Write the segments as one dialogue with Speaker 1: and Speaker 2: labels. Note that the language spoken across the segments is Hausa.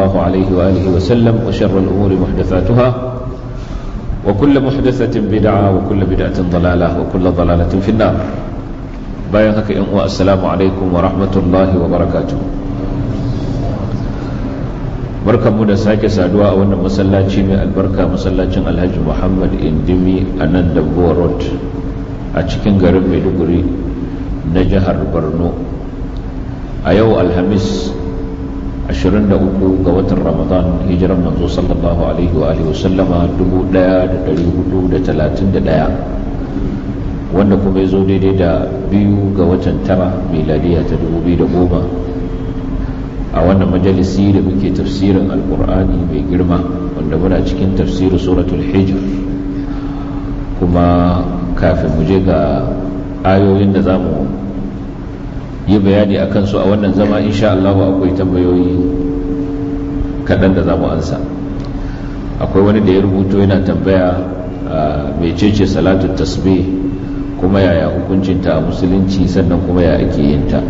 Speaker 1: الله عليه وآله وسلم وشر الأمور محدثاتها وكل محدثة بدعة وكل بدعة da sake saduwa a wannan masallaci mai albarka masallacin alhaji muhammad indimi a nan dabuwa road a cikin garin maiduguri na jihar borno a yau alhamis 23 ga watan ramadan hijiran manzo sallallahu alaihi wa alihi wasallama 1431 wanda kuma ya zo daidai da biyu ga watan tara miladiya ta 2010 a wannan majalisi da muke tafsirin alkur'ani mai girma wanda muna cikin tafsirin suratul hijr kuma kafin mu je ga ayoyin da za mu yi bayani a kansu a wannan zama insha Allah akwai tambayoyi kaɗan da zamu mu ansa akwai wani da ya rubuto yana tambaya mecece salatu tasbih kuma yaya hukuncinta a musulunci sannan kuma ya ake yin ta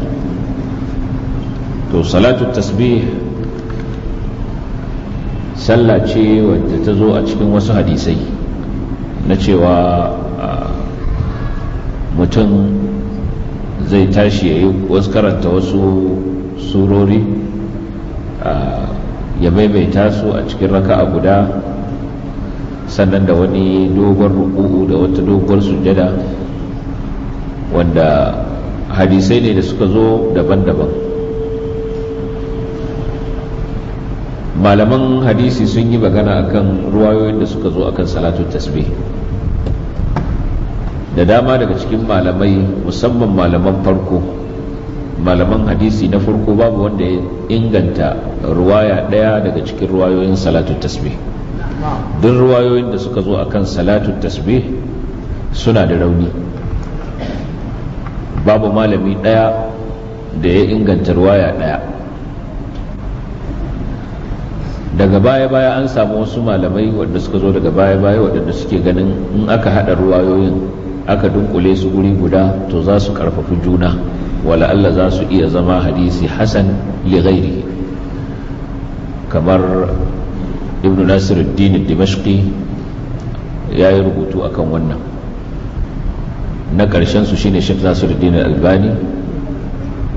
Speaker 1: to salatu tasbih sallah ce wadda ta zo a cikin wasu hadisai na cewa mutum zai tashi ya yi wasu karanta wasu surori ya maimaita su a cikin raka'a guda sannan da wani dogon ruku'u da wata dogon sujada wanda hadisai ne da suka zo daban-daban malaman hadisi sun yi magana akan ruwayoyin da suka zo akan salatu tasbih da dama daga cikin malamai musamman malaman farko malaman hadisi na farko babu wanda ya inganta ruwaya ɗaya daga cikin ruwayoyin salatu tasbih duk ruwayoyin da suka zo akan salatu tasbih suna da rauni babu malami ɗaya da ya inganta ruwaya ɗaya daga baya-baya an samu wasu malamai wadda suka zo daga baya-baya waɗanda suke ganin in aka haɗa ruwayoyin aka dunkule su guri guda to za su karfafi juna wala Allah za su iya zama hadisi hasan li ghairi kamar ibn nasiruddin dimashqi ya yi rubutu akan wannan na ƙarshen su shine Sheikh Nasiruddin Albani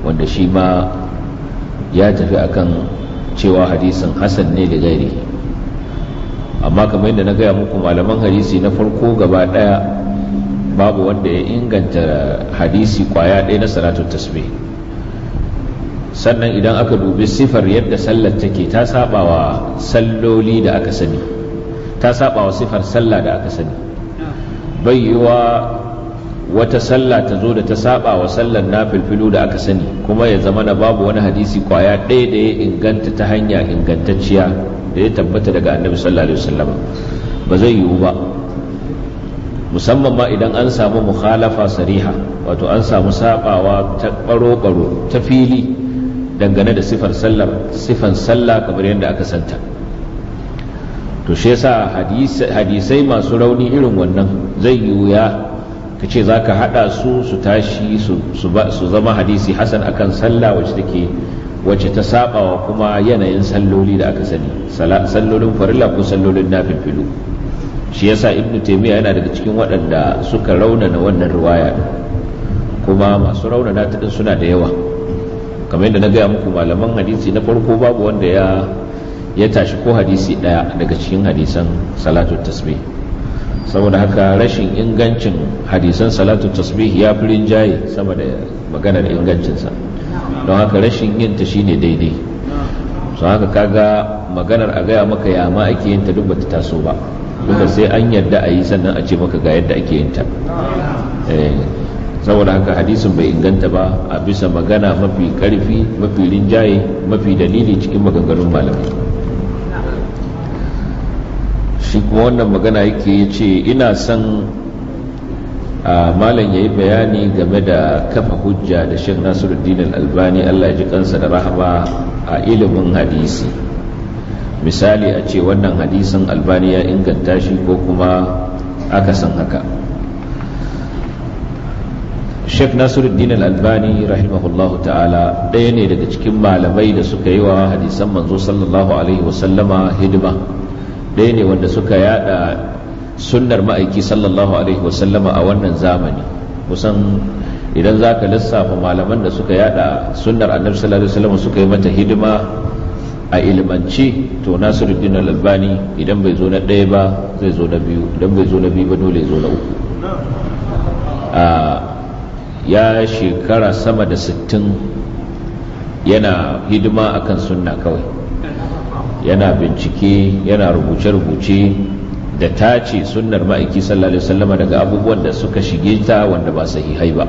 Speaker 1: wanda shi ma ya tafi akan cewa hadisin hasan ne li gairi amma kamar yadda na gaya muku malaman hadisi na farko gaba ɗaya babu wanda ya inganta hadisi kwaya ɗaya na salatun tasbih sannan idan aka dubi sifar yadda sallar take ta saba wa salloli da aka sani ta saba sifar sallah da aka sani bai yiwa wata sallah ta zo da ta saba sallar na filfilu da aka sani kuma ya zama na babu wani hadisi kwaya ɗaya da ya inganta ta hanya ingantacciya da ya tabbata daga annabi sallallahu alaihi wasallam ba zai yiwu ba musamman ma idan an samu mukhalafa sariha wato an samu sabawa ta baro-baro ta fili dangane da sifar sallar sifan sallah kamar yadda aka santa to shi yasa hadisai masu rauni irin wannan zai yi wuya kace ce za ka haɗa su su tashi su zama hadisi hasan akan sallah wacce take wacce ta sabawa kuma yanayin salloli da aka sani sallolin farilla ko sallolin nafilfilu shi yasa ibnu taymiya yana daga cikin waɗanda suka raunana wannan riwaya kuma masu raunana ta din suna da yawa kamar yadda na gaya muku malaman hadisi na farko babu wanda ya ya tashi ko hadisi ɗaya daga cikin hadisan salatu tasbih saboda haka rashin ingancin hadisan salatu tasbih ya fi rinjaye sama da maganar ingancinsa don haka rashin yin ta shine daidai don haka kaga maganar a gaya maka ya ake yin ta duk bata taso ba tunda sai an yarda a yi sannan a ce maka ga yadda ake yin ta eh, saboda haka hadisin bai inganta ba a bisa magana mafi karfi mafi rinjaye mafi dalili cikin maganganun malamai shi kuma wannan magana yake ce ina son malam ya yi bayani game da kafa hujja da shek nasiruddin albani allah ji kansa da rahama a ilimin hadisi misali a ce wannan hadisin albani ya inganta shi ko kuma aka san haka sheikh nasiruddin al-albani rahimahullahu ta'ala ɗaya ne daga cikin malamai da suka yi wa hadisan manzo sallallahu alaihi wasallama hidima ɗaya ne wanda suka yada sunnar ma'aiki sallallahu alaihi wasallama a wannan zamani kusan idan za ka lissafa malaman da suka yada sunnar annabi sallallahu alaihi wasallama suka yi mata hidima a ilimance to nasiruddin al-albani idan bai zo na ɗaya ba zai zo na biyu idan bai zo na biyu ba dole zo na uku ya shekara sama da sittin yana hidima akan sunna kawai yana bincike yana rubuce-rubuce da tace sunnar ma'aiki sallallahu alaihi wasallama daga abubuwan da suka shige ta wanda ba sahihai ba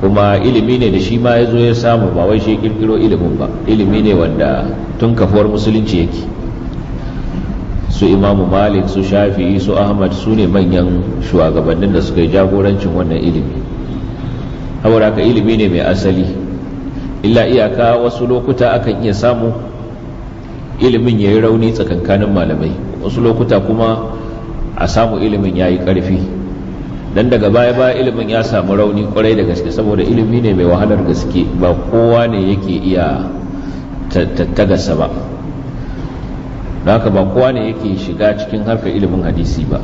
Speaker 1: kuma ilimi ne da shi ma ya zo ya samu ba wai shi ya kirkiro ilimin ba ilimi ne wanda tun kafuwar musulunci yake su imamu malik su Shafi, su ahmad su ne manyan shugabannin da suka yi jagorancin wannan ilimi saboda haka ilimi ne mai asali illa iyaka wasu lokuta akan iya samu ilimin ya yi rauni tsakankanin malamai wasu lokuta kuma a samu ilimin ya yi ƙarfi dan daga baya ba ilimin ya samu rauni kwarai da gaske saboda ilimi ne mai wahalar gaske ba kowa ne yake iya tattagarsa ba haka ba kowa ne yake shiga cikin harkar ilimin hadisi ba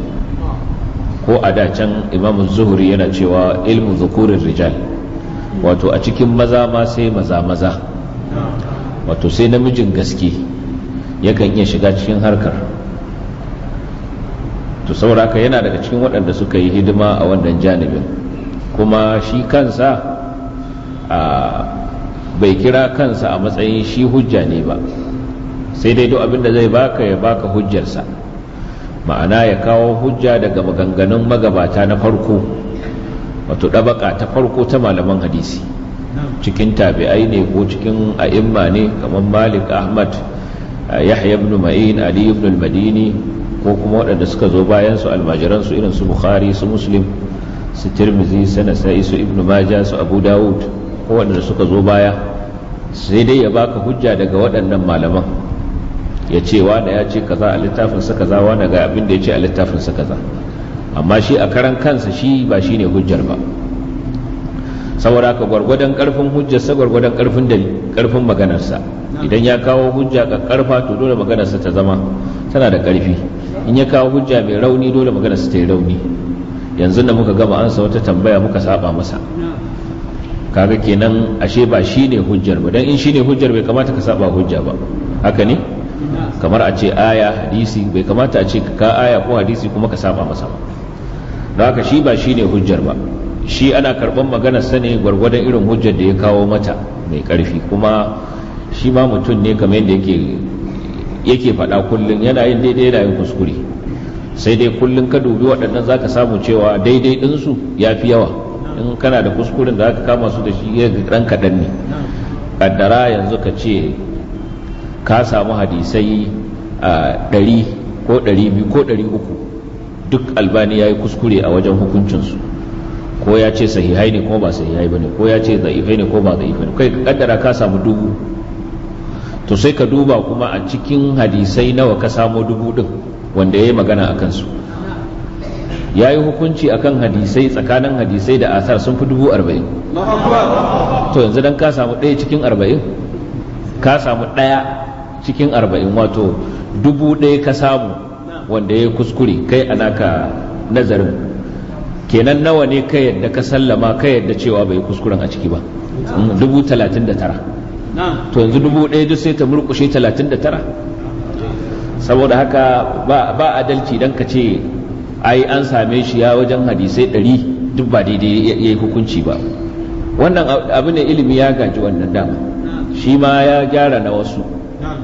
Speaker 1: ko a da can imam zuhuri yana cewa ilimin zukurin rijal wato a cikin maza ma sai maza maza wato sai namijin gaske yakan iya shiga cikin harkar to sauraka ka yana daga cikin waɗanda suka yi hidima a wannan janibin kuma shi kansa bai kira kansa a matsayin shi hujja ne ba sai dai duk da zai baka ya baka hujjarsa ma'ana ya kawo hujja daga maganganun magabata na farko wato ɗabaƙa ta farko ta malaman hadisi cikin tabi'ai ne ko cikin a'imma ne kamar malik ahmad yahya ibn ma'in ali ibn madini ko kuma waɗanda suka zo bayan su almajiran su irin su bukhari su muslim su tirmizi su nasa'i su ibnu maja su abu dawud ko waɗanda suka zo baya sai dai ya baka hujja daga waɗannan malaman ya ce wanda ya ce kaza a littafin sa kaza wanda ga abin da ya ce a littafin sa kaza amma shi a karan kansa shi ba shine hujjar ba saboda ka gwargwadon karfin hujjarsa gwargwadon karfin karfin maganarsa idan ya kawo hujja ka karfa to dole maganarsa ta zama tana da karfi in ya kawo hujja mai rauni dole maganarsa ta yi rauni yanzu da muka gama ansa wata tambaya muka saba masa kaga kenan ashe ba shine hujjar ba dan in shine hujjar bai kamata ka saba hujja ba haka ne kamar a ce aya hadisi bai kamata a ce ka aya ko hadisi kuma ka saba masa ba don haka shi ba shine hujjar ba shi ana karban maganar sa ne gwargwadon irin hujjar da ya kawo mata mai karfi kuma shi ma mutum ne kamar yadda yake faɗa kullum yana yin daidai yana yin kuskure sai dai kullum ka dubi waɗannan zaka samu cewa daidai ɗinsu ya fi yawa in kana da kuskuren da aka kama su da shi ya ɗan kaɗan ne Ƙaddara yanzu ka ce ka samu hadisai a ɗari ko ɗari biyu ko ɗari uku duk albani ya yi kuskure a wajen hukuncinsu ko ya ce sahihai ne ko ba sahihai bane ko ya ce da'ifai ne ko ba da'ifai ne kai ka kaddara ka samu dubu to sai ka duba kuma a cikin hadisai nawa ka samo dubu din wanda ya yi magana a kansu ya yi hukunci a kan hadisai tsakanin hadisai da asar sun fi dubu arba'in to yanzu dan ka samu ɗaya cikin arba'in ka samu ɗaya cikin arba'in wato dubu ɗaya ka samu wanda ya kuskure kai a naka nazarin kenan nawa ne ka yadda ka sallama ka yadda cewa bai kuskuren a ciki ba dubu talatin da tara to yanzu dubu ɗaya duk sai ta murkushe talatin da tara saboda haka ba dalci don ka ce ai an same shi ya wajen hadisai ɗari duk ba daidai ya yi hukunci ba wannan abu ne ilimi ya gaji wannan dama shi ma ya gyara na wasu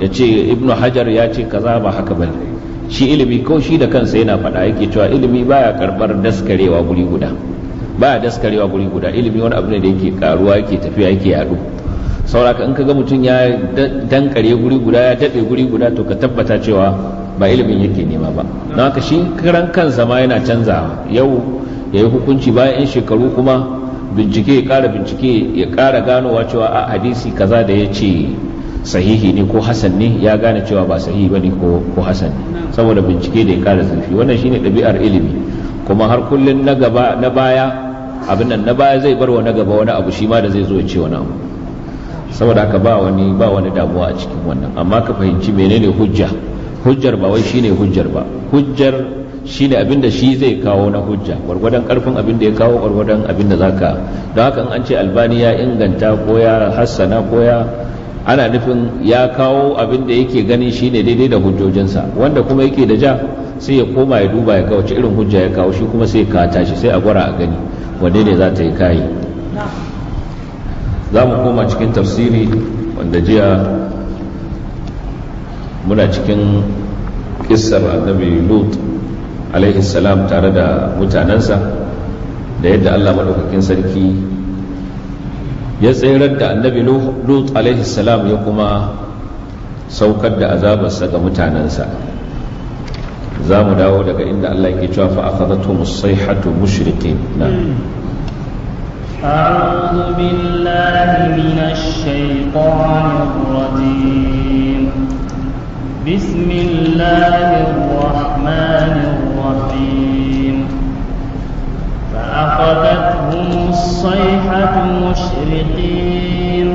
Speaker 1: ya ce ibnu hajar ya ce kaza ba haka bane shi ilimi ko shi da kansa yana faɗa yake cewa ilimi baya karɓar daskarewa guri guda baya daskarewa guri guda ilimi wani abu ne da yake karuwa yake tafiya yake yaɗo sauraka in ka ga mutum ya dankare guri guda ya daɗe guri guda to ka tabbata cewa ba ilimin yake nema ba don haka shi karan kansa ma yana canza yau ya yi hukunci bayan 'yan shekaru kuma bincike ya kara bincike ya ƙara ganowa cewa a hadisi kaza da ya ce sahihi ne ko hasan ne ya gane cewa ba sahihi bane ko ko hasan ne saboda bincike da ya kara zurfi wannan shine ɗabi'ar ilimi kuma har kullun na gaba na baya abin nan na baya zai bar wa na gaba wani abu shi ma da zai zo ya ce wani abu saboda haka ba wani ba wani damuwa a cikin wannan amma ka fahimci menene hujja hujjar ba wai shine hujjar ba hujjar shine abin da shi zai kawo na hujja gwargwadon karfin abin da ya kawo gwargwadon abin da zaka don haka in an ce albani ya inganta ko ya hassana ko ya ana nufin ya kawo abin da yake ganin shine daidai da hujjojinsa wanda kuma yake da ja sai ya koma ya duba ya kawo irin hujja ya kawo shi kuma sai ka tashi sai a gwara a gani wanda ne za ta yi kayi za mu koma cikin tafsiri wanda jiya muna cikin kissar annabi lut alaihi salam tare da mutanensa da yadda allah maɗaukakin sarki ya tsirar da annabi lut alaihi salam ya kuma saukar da azabarsa ga mutanensa za mu dawo daga inda Allah ke cewa fa akhadhatu musaihatu mushriqin na
Speaker 2: أعوذ na. بسم الله الرحمن الرحيم فأخذتهم الصيحة مشرقين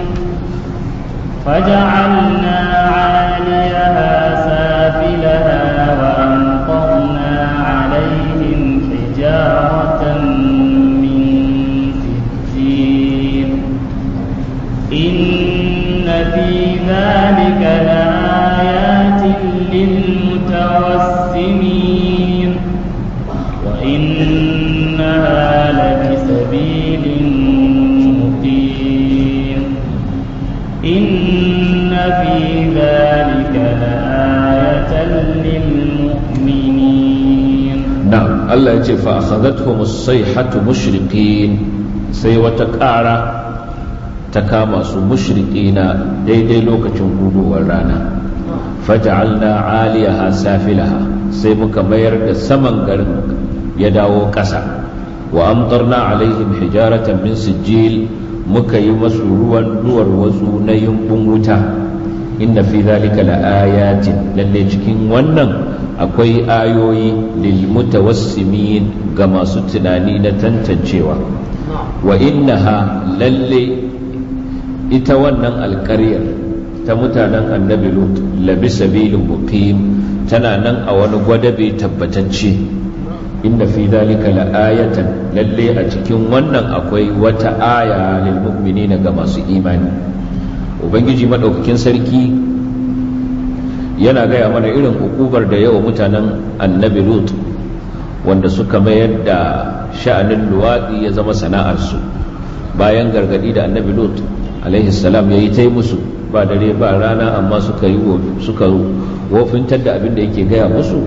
Speaker 2: فجعلنا عاليها سافلها وأخذتهم
Speaker 1: Allah ya ce fa akhadathum sayhatu mushriqin sai wata ƙara ta kama su mushriqina daidai lokacin gudowar rana faj'alna 'aliyaha safilaha sai muka mayar da saman garin ya dawo ƙasa wa amtarna alaihim hijaratan min sijil muka yi masu ruwan duwar wasu na yumbun wuta inna fi zalika laayatin lalle cikin wannan akwai ayoyi lil mutawassimin ga masu tunani na tantancewa wa innaha lalle ita wannan alƙaryar ta mutanen annabi lut labi sabilin muqim tana nan a wani gwadabe tabbatacce inda fi dalika la'ayatan lalle a cikin wannan akwai wata aya lil mu'minina ga masu imani ubangiji maɗaukakin sarki yana gaya mana irin hukubar da yawa mutanen annabi lut wanda suka mayar da sha'anin luwaɗi ya zama sana'arsu bayan gargadi da annabi lut salam ya yi ta musu ba dare ba rana amma suka yi suka wofintar da abin da yake gaya musu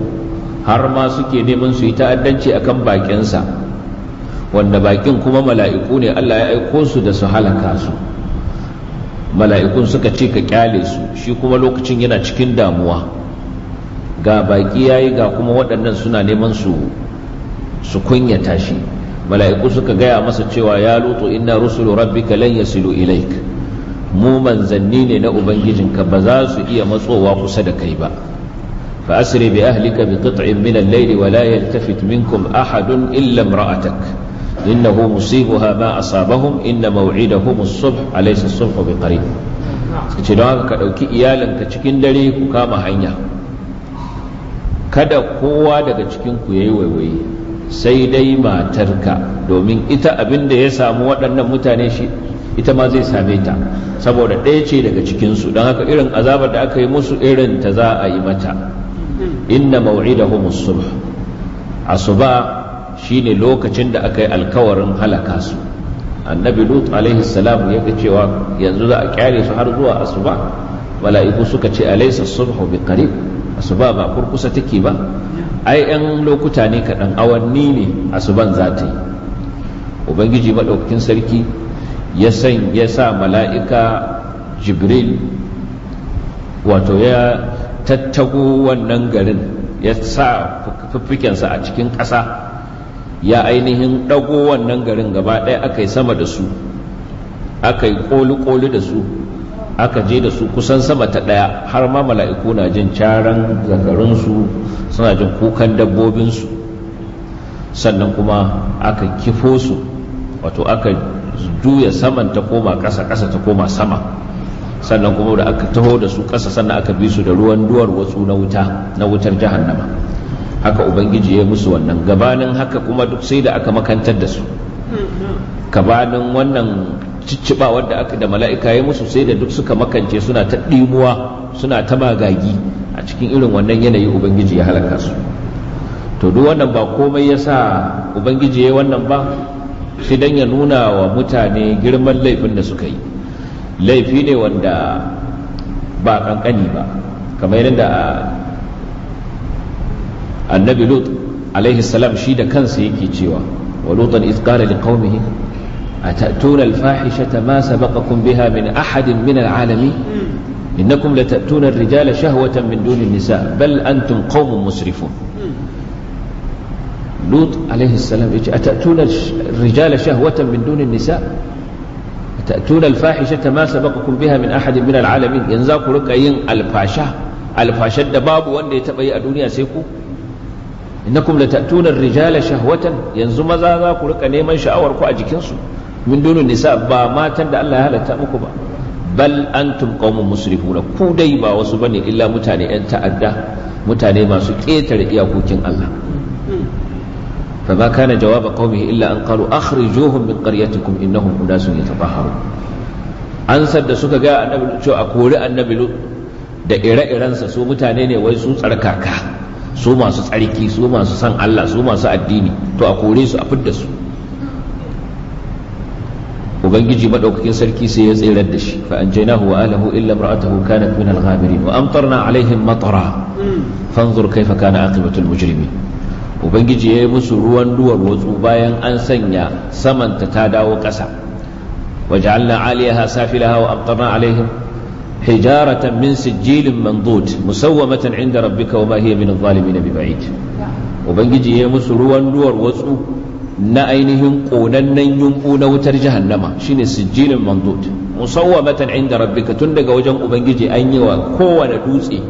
Speaker 1: har ma suke neman su yi ta'addanci akan bakinsa wanda bakin kuma mala'iku ne allah ya aiko su da su halaka su mala'ikun suka ce ka kyale su shi kuma lokacin yana cikin damuwa ga baki yayi ga kuma waɗannan suna neman su su kunyata shi mala'iku suka gaya masa cewa ya lutu inna rusulu rabbika lan yasilu ilaik mu manzanni ne na ubangijinka ba za su iya matsowa kusa da kai ba fa asri bi ahlika bi qit'in min al-layli wa la yaltafit minkum ahadun illa imra'atak innahu musibuha ma asabahum inna maw'idahum as-subh alaysa as-subh biqarib ce don haka ka ɗauki iyalinka cikin dare ku kama hanya kada kowa daga cikin ku yayi waiwaye sai dai matarka domin ita abin ya samu waɗannan mutane shi ita ma zai same ta saboda ɗaya ce daga cikinsu don haka irin azabar da aka yi musu irin ta za a yi mata inna maw'idahum as-subh asuba shine lokacin da aka yi alkawarin halaka su annabi lut alaihi salam ya ga cewa yanzu za a kyale su har zuwa asuba mala'iku suka ce alaysa subhu biqarib asuba ba kurkusa take ba ai yan lokuta ne kaɗan awanni ne asuban za ta yi ubangiji madaukakin sarki ya san ya sa mala'ika jibril wato ya tattago wannan garin ya sa fiffikensa a cikin ƙasa ya ainihin ɗago wannan garin gaba ɗaya aka yi sama da su aka yi ƙoli-ƙoli da su aka je da su kusan sama ta ɗaya har ma mala'iku na jin caran zakarunsu suna jin kukan dabbobinsu sannan kuma aka kifo su wato aka juya saman ta koma ƙasa ƙasa ta koma sama sannan kuma da aka taho da su ƙasa sannan aka bi su da ruwan duwar wasu na wutar na wutar haka ubangiji ya musu wannan gabanin haka kuma duk sai da aka makantar da su gabanin wannan cicciba wanda aka da mala'ika ya musu sai da duk suka makance suna ta ɗimuwa suna ta magagi a cikin irin wannan yanayi ubangiji ya halaka su to duk wannan ba komai ya sa ubangiji ya wannan ba shi don ya nuna wa mutane girman laifin da suka yi laifi ne wanda ba kankani ba kamar yadda annabi lut alaihi salam shi da kansa yake cewa wa lutan iz qala liqaumihi atatuna alfahishata ma sabaqakum biha min ahadin min alalamin innakum latatuna ar-rijala shahwatan min duni nisa bal antum qaumun musrifun lut alaihi salam yace atatuna ar shahwatan min duni nisa تأتون الفاحشة ما سبقكم بها من أحد من العالمين ينزاك رقا ين الفاشا دباب وان يتبعي الدنيا سيكو innakum latatuna ar-rijala shahwatan yanzu maza za ku rika neman sha'awar ku a jikin su min dunun nisa ba matan da Allah ya halatta muku ba bal antum qaumun musrifuna ku dai ba wasu bane illa mutane yan ta'adda mutane masu ketare iyakokin Allah فما كان جواب قومه إلا أن قالوا أخرجوهم من قريتكم إنهم أناس يتطهرون an sadda suka ga annabi cewa a kori annabi da ire-irensa su mutane ne wai su tsarkaka su masu tsarki su masu san Allah su masu addini to a kore su a fidda su ubangiji madaukakin sarki sai ya tsirar da shi fa anjaynahu wa ahlihi illa imra'atuhu kanat min al-ghabirin wa amtarna alaihim matara fanzur kaifa kana aqibatu al-mujrimin ubangiji ya yi musu ruwan duwar watsu bayan an sanya samanta ta dawo ƙasa waja'alna 'aliyaha safilaha wa amtarna alaihim حجارة من سجيل منضود مسومة عند ربك وما هي من الظالمين ببعيد وبنجي يا مسروا نور وسو na ainihin ƙonannen yunƙu na wutar jahannama shine sijilin mandud musawwamatan inda rabbika tun daga wajen ubangiji an yi wa kowane dutse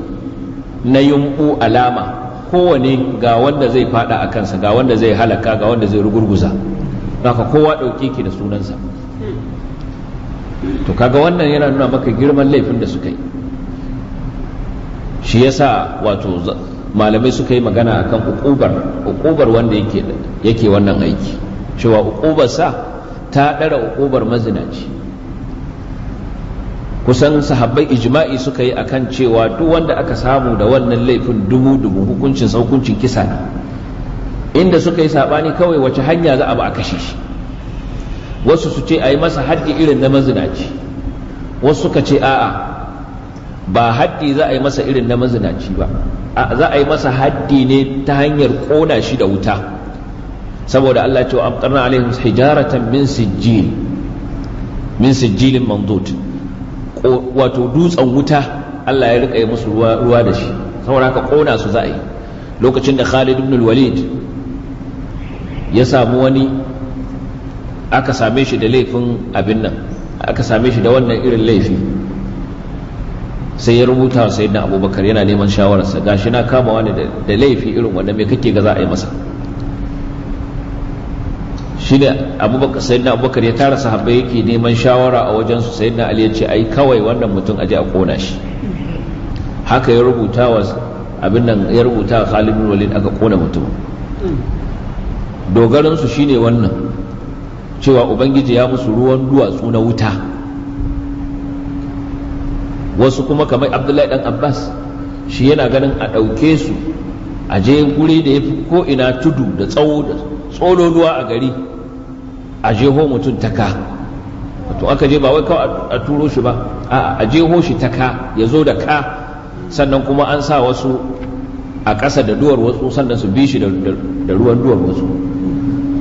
Speaker 1: na yunƙu alama kowane ga wanda zai fada a kansa ga wanda zai halaka ga wanda zai rugurguza haka kowa ɗauke ki da sunansa to kaga wannan yana nuna maka girman laifin da suka yi shi yasa wato malamai suka yi magana akan ukubar ukubar wanda yake wannan aiki cewa ukubar sa ta dara ukubar mazinaci kusan sahabbai ijma'i suka yi akan cewa duk wanda aka samu da wannan laifin dubu dubu hukuncin saukuncin kisa ne inda suka yi sabani kawai wace hanya za a ba a kashe shi wasu su ce a yi masa haddi irin na mazinaci wasu suka ce a'a ba haddi za a yi masa irin na mazinaci ba za a yi masa haddi ne ta hanyar kona shi da wuta saboda Allah ce wa amtarna alaihim hijaratan min sijjil min sijjilin Mandut. wato dutsen wuta Allah ya rika yi musu ruwa da shi saboda haka kona su za a yi lokacin da Khalid ibn al-Walid ya samu wani aka same shi da laifin abin nan aka same shi da wannan irin laifi sai ya rubuta wa sayyidina abubakar yana neman shawararsa gashi na kama wani da laifi irin wanda mai kake ga za a yi masa shi da abubakar sayyidina abubakar ya tara sahabbai yake neman shawara a wajen su sayyidina ali ya ce ai kawai wannan mutum aje a kona shi haka ya rubuta wa abin nan ya rubuta Khalid bin Walid aka kona mutum dogaran su shine wannan cewa ubangiji ya musu ruwan duwatsu na wuta wasu kuma kamar abdullahi dan abbas shi yana ganin a ɗauke su a je guri da ya fi ko'ina tudu da tsawo da tsololuwa a gari a jeho mutum taka to aka je ba wai kawai a turo shi ba a jeho shi taka ya zo da ka sannan kuma an sa wasu a ƙasa da duwar wasu sannan su bi shi da ruwan duwar wasu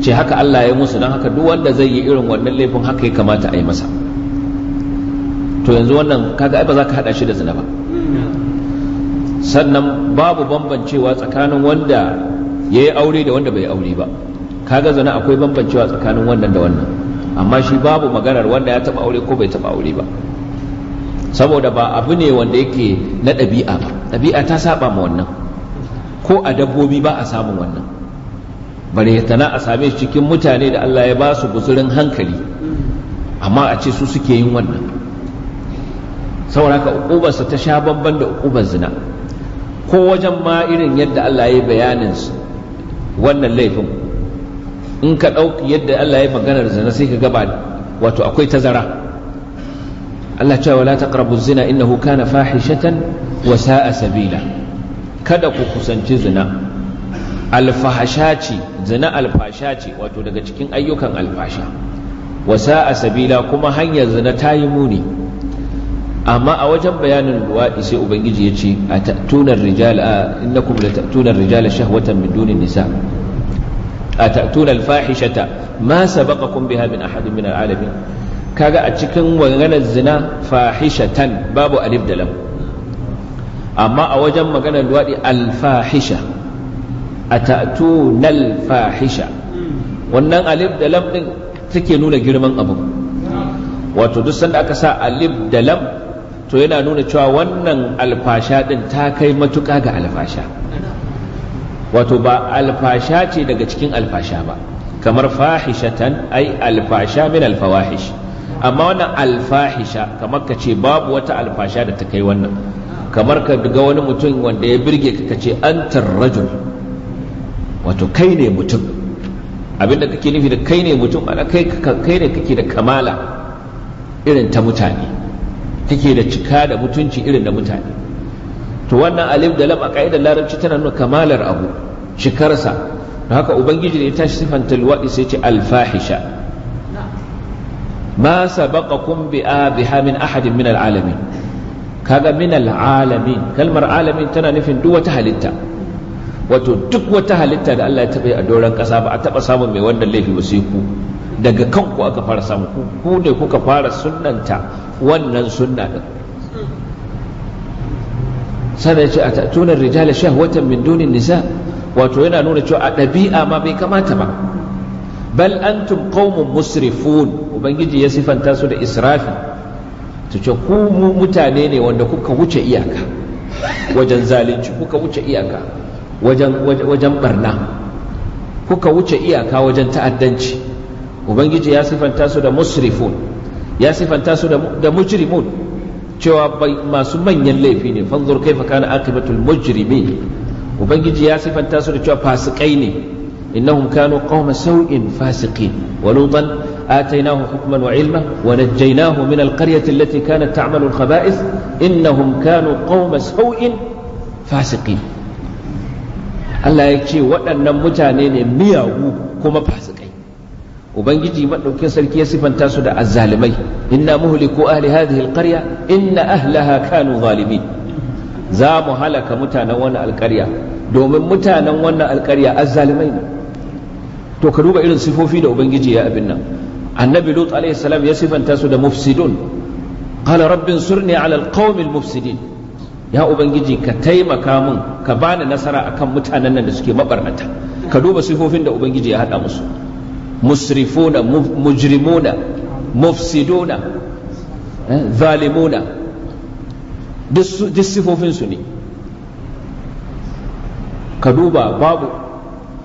Speaker 1: ce haka Allah ya musu don haka duk wanda zai yi irin wannan laifin haka ya kamata a yi masa to yanzu wannan kaga ai ba za ka hada shi da zina ba sannan babu bambancewa tsakanin wanda ya yi aure da wanda bai yi aure ba kaga zina akwai bambancewa tsakanin wannan da wannan amma shi babu maganar wanda ya taba aure ko bai taba aure ba saboda ba abu ne wanda yake na ɗabi'a ba ɗabi'a ta saba ma wannan ko a dabbobi ba a samun wannan ya tana a same shi cikin mutane da Allah ya ba su guzurin hankali amma a ce su suke yin wannan saboda ka ukubarsa ta sha bamban da ukubar zina ko wajen ma irin yadda Allah ya bayanin wannan laifin in ka ɗauki yadda Allah ya maganar zina sai ka gaba wato akwai tazara Allah cewa la taqrabu zina innahu kana fahishatan wa sa'a sabila kada ku kusanci zina alfahasha ce zina alfasha ce wato daga cikin ayyukan alfasha wasa a sabila kuma hanyar zina ta yi muni amma a wajen bayanin luwaɗi sai ubangiji ya ce a ta'tunar rijal a innakum la ta'tunar rijal shahwatan min dunin nisa a ta'tuna alfahishata ma sabaqakum biha min ahadin min alalamin kaga a cikin maganar zina fahishatan babu alif da lam amma a wajen maganar luwaɗi alfahisha atatuna fahisha wannan alif da lam din take nuna girman abu wato duk sanda aka sa alif da lam to yana nuna cewa wannan alfasha din ta kai matuƙa ga alfasha wato ba alfasha ce daga cikin alfasha ba kamar fahishatan ai alfasha min alfawahish amma wannan alfahisha kamar ka ce babu wata alfasha da ta kai wannan kamar ka ga wani mutum wanda ya birge ka ce antar rajul wato kai ne mutum abinda kake nufi da kai ne mutum ana kai kai ne kake da kamala irin ta mutane kake da cika da mutunci irin da mutane to wannan alif da lam a larabci tana nuna kamalar abu cikarsa da haka ubangiji ne ya tashi sifanta luwaɗi sai ce alfahisha ma sabaqakum bi abiha min ahadin min alalamin kaga min alalamin kalmar alamin tana nufin duk wata halitta wato duk wata halitta da Allah ya taɓa a doron ƙasa ba a taɓa samun mai wannan laifi ba sai ku daga kanku aka fara samu ku ne kuka fara sunnanta wannan sunna din ya ce a tatunan rijala shahwatan min dunin nisa wato yana nuna cewa a ɗabi'a ma bai kamata ba bal antum qaumun musrifun ubangiji ya sifanta su da israfi to ce ku mutane ne wanda kuka wuce iyaka wajen zalunci kuka wuce iyaka wajen barna kuka wuce iyaka wajen ta'addanci ubangiji ya sifanta su da musrifun ya sifanta su da mujrimun cewa masu manyan laifi ne fanzur kaifa kana aqibatul mujrimin ubangiji ya sifanta su da cewa fasikai ne innahum kanu qauma sau'in fasiqin wa lutan atainahu hukman wa ilma wa najjaynahu min alqaryati allati kanat ta'malu alkhaba'ith innahum kanu qauma sau'in fasiqin Allah ya ce waɗannan mutane ne miyagu kuma fasikai ubangiji maɗaukin sarki ya sifanta su da azzalimai inna muhliku ahli hadhihi alqarya inna ahlaha kanu zalimin za mu halaka mutanen wannan alƙarya domin mutanen wannan alƙarya azzalimai ne to ka duba irin sifofi da ubangiji ya abin nan annabi lut alaihi salam ya sifanta su da mufsidun qala rabbin surni ala alqawmi almufsidin ya ubangiji ka taimaka min ka bani nasara akan mutanen nan da suke mabarnata ka duba sifofin da ubangiji ya hada musu musrifuna mujrimuna mufsiduna eh, zalimuna duk sifofin su ne ka duba babu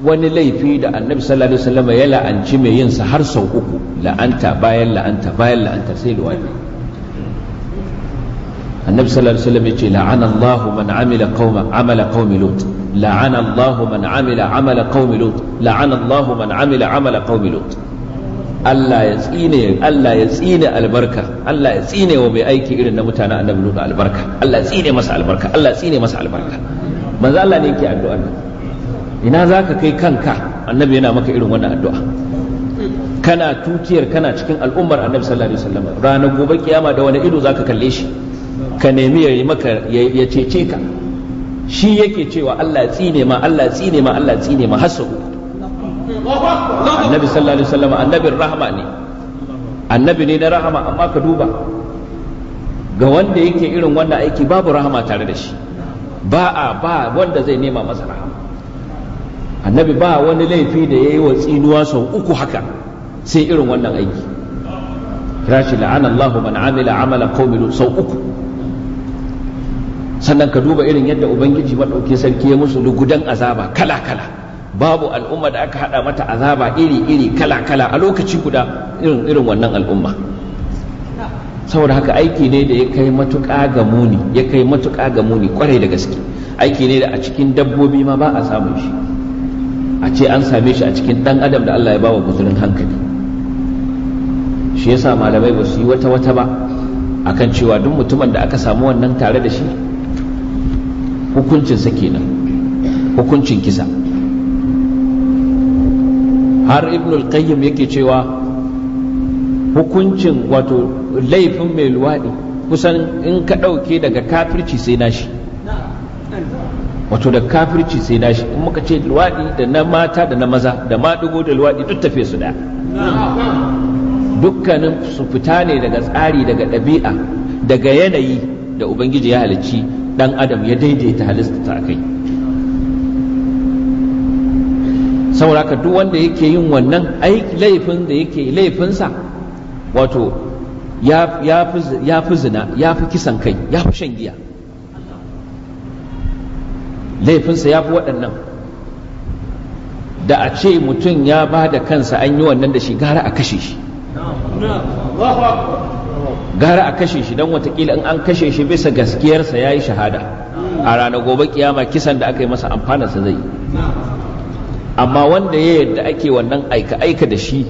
Speaker 1: wani laifi da annabi sallallahu alaihi wasallam ya la'anci mai yinsa har sau uku la'anta bayan la'anta bayan la'anta sai luwaɗi annabi sallallahu alaihi wasallam yace la'ana Allahu man amala qaumi lut Allahu man amala qaumi lut Allahu man amala qaumi Allah ya tsine albarka Allah ya tsine wa mai aiki irin na mutanen annabi lut albarka Allah ya tsine masa albarka Allah ya tsine masa albarka manzo Allah ne yake addu'a ina zaka kai kanka annabi yana maka irin wannan addu'a kana tukiyar kana cikin al'ummar annabi sallallahu alaihi wasallam ranar gobe kiyama da wani ido zaka kalle shi ka nemi ya yi maka ya cece ka shi yake cewa Allah tsine ma Allah tsine ma Allah tsine ma hasu annabi sallallahu alaihi wasallam annabin rahama ne annabi ne na rahama amma ka duba ga wanda yake irin wannan aiki babu rahama tare da shi ba a ba wanda zai nema masa rahama annabi ba wani laifi da ya yi wa tsinuwa sau uku haka sai irin wannan aiki rashi la'ana Allahu man amila amala qaumin sau uku sannan ka duba irin yadda ubangiji maɗauki sarki ya musu lugudan azaba kala kala babu al'umma da aka haɗa mata azaba iri iri kala kala a lokaci guda irin irin wannan al'umma saboda haka aiki ne da ya kai matuƙa ga muni ya kai matuƙa ga muni kwarai da gaske aiki ne da a cikin dabbobi ma ba a samun shi a ce an same shi a cikin ɗan adam da Allah ya bawa guzurin hankali shi yasa malamai ba su yi wata wata ba akan cewa duk mutumin da aka samu wannan tare da shi hukuncin sa kenan hukuncin kisa har ibn al-qayyim yake cewa hukuncin wato laifin mai luwaɗi kusan in ka ɗauke daga kafirci sai nashi wato da kafirci sai nashi in muka ce luwaɗi da na mata da na maza da maɗigo da luwaɗi duk tafe su da dukkanin su fita ne daga tsari daga ɗabi'a daga yanayi da ubangiji ya halicci Ɗan adam ya daidaita halitta a kai saboda ka duk wanda yake yin wannan laifin da yake laifinsa wato ya fi zina ya fi kisan kai ya fi shan giya laifinsa ya fi waɗannan da a ce mutum ya ba da kansa an yi wannan da shi gara a kashe shi gara a kashe shi don watakila in an kashe shi bisa gaskiyarsa ya yi shahada a rana gobe kiyama kisan da aka yi masa sa zai amma wanda ya yadda ake wannan aika-aika da shi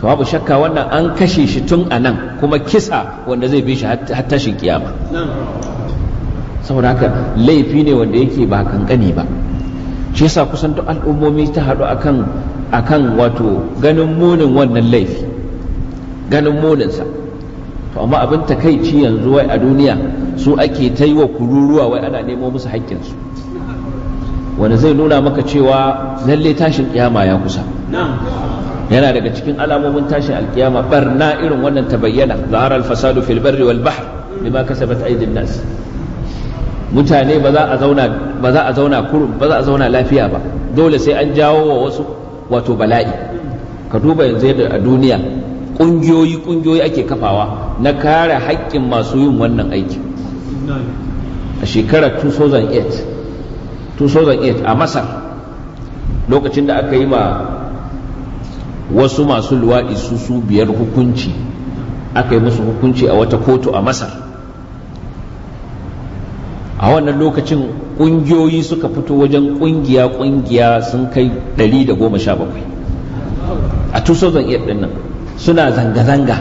Speaker 1: to babu shakka wannan an kashe shi tun a nan kuma kisa wanda zai bi shi har tashin kiyama saboda haka laifi ne wanda yake ba kankani ba shi yasa kusan duk al'ummomi ta haɗu akan akan wato ganin munin wannan laifi ganin muninsa to amma abin takaici yanzu wai a duniya su ake ta yi wa kururuwa wai ana nemo musu haƙƙinsu wanda zai nuna maka cewa lalle tashin kiyama ya kusa yana daga cikin alamomin tashin alkiyama barna irin wannan ta bayyana zahar fasadu fil barri wal bahr bima kasabat nas mutane ba za a zauna ba za a zauna kurum ba za a zauna lafiya ba dole sai an jawo wa wasu wato bala'i ka duba yanzu yadda a duniya ƙungiyoyi kungiyoyi ake kafawa na kare haƙƙin masu yin wannan aiki a shekarar 2008 2008 a masar lokacin da aka yi ma wasu masu luwaɗi su su biyar hukunci aka yi musu hukunci a wata kotu a masar a wannan lokacin ƙungiyoyi suka fito wajen ƙungiya-ƙungiya sun kai 117 a 2008 ɗin nan suna zanga-zanga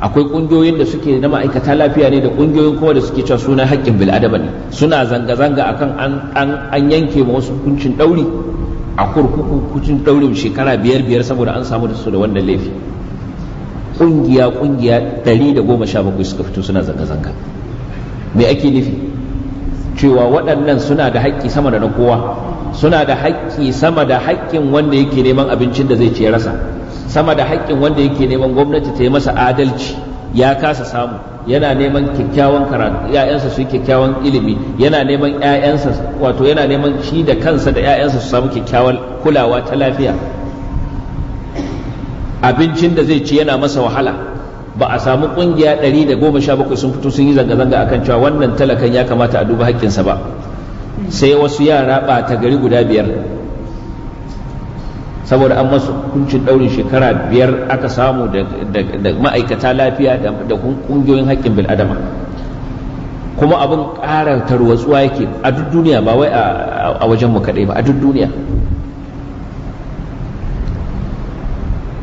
Speaker 1: akwai kungiyoyin da suke na ma'aikata lafiya ne da kungiyoyin kuma da suke cewa suna haƙƙin bil'adama ne suna zanga-zanga akan an yanke ma wasu hukuncin ɗauri a kurkuku hukuncin ɗaurin shekara biyar biyar saboda an samu da su da wannan laifi kungiya kungiya ɗari da goma sha bakwai suka fito suna zanga-zanga me ake nufi cewa waɗannan suna da haƙƙi sama da na kowa suna da haƙƙi sama da haƙƙin wanda yake neman abincin da zai ce rasa sama da haƙƙin wanda yake neman gwamnati ta yi masa adalci ya kasa samu yana neman kyakkyawan karatu ya'yansa su yi kyakkyawan ilimi yana neman ya'yansa wato yana neman shi da kansa da ya'yansa su samu kyakkyawan kulawa ta lafiya abincin da zai ci yana masa wahala ba a samu kungiya 117 sun fito sun yi zanga-zanga akan cewa wannan talakan ya kamata a duba haƙƙinsa ba sai wasu yara ba ta gari guda biyar saboda an masu hukuncin ɗaurin shekara biyar aka samu da ma'aikata lafiya da ƙungiyoyin haƙƙin bil'adama kuma abin ƙara tarwatsuwa yake a duk duniya ba wai a wajen kaɗai ba a duk duniya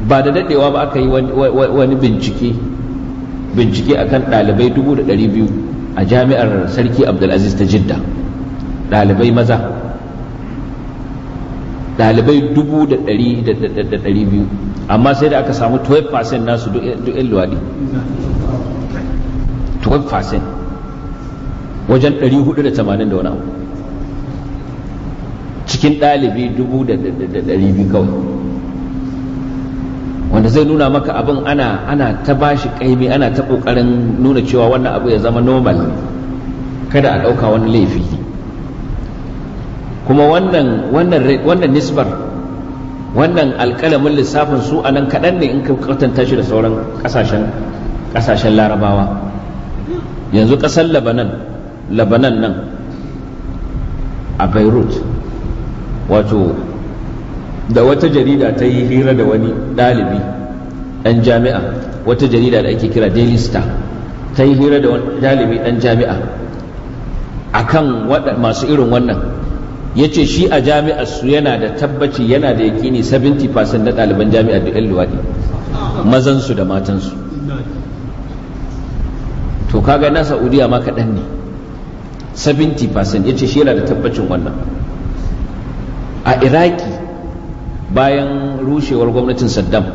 Speaker 1: ba da daɗewa ba aka yi wani bincike bincike kan ɗalibai dubu da ɗari biyu a jami'ar sarki abdulaziz ta jidda Dalibai maza dalibai dubu da ɗari da ɗari biyu amma sai da aka samu 12% nasu duk 'yan luwaɗi 12% wajen 480 da wani abu cikin ɗalibi dubu da ɗari biyu kawai wanda zai nuna maka abin ana ana ta bashi kaimi ana ta ƙoƙarin nuna cewa wannan abu ya zama normal kada a ɗauka wani laifi kuma wannan wannan wannan nisbar wannan alƙalamin lissafin su a nan kaɗan ne in ka kwatanta shi da sauran ƙasashen larabawa yanzu ƙasar labanan labanan nan a beirut wato da wata jarida ta yi hira da wani ɗalibi ɗan jami'a wata jarida da ake kira daily star ta yi hira da wani ɗalibi ɗan jami'a akan masu irin wannan ya ce shi a jami'ar su yana da tabbaci yana da yakini 70% na ɗaliban jami'ar da 'yan luwaɗi mazansu da matansu. to kaga na saudiya ma kaɗan ne 70% ce shi yana da tabbacin wannan a iraki bayan rushewar gwamnatin saddam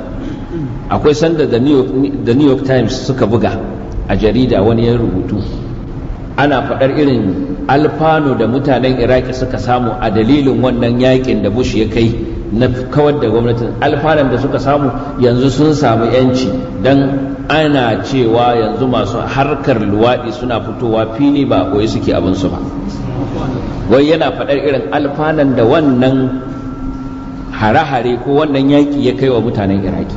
Speaker 1: akwai sanda da new york times suka buga a jarida wani 'yan rubutu ana faɗar irin alfano da mutanen iraki suka samu a dalilin wannan yakin da bush ya kai na kawar da gwamnatin alfanan da suka samu yanzu sun samu yanci don ana cewa yanzu masu harkar luwaɗi suna fitowa fili ba koyi suke abinsu ba wai yana faɗar irin alfanan da wannan hare-hare ko wannan yaƙi ya kai wa mutanen iraki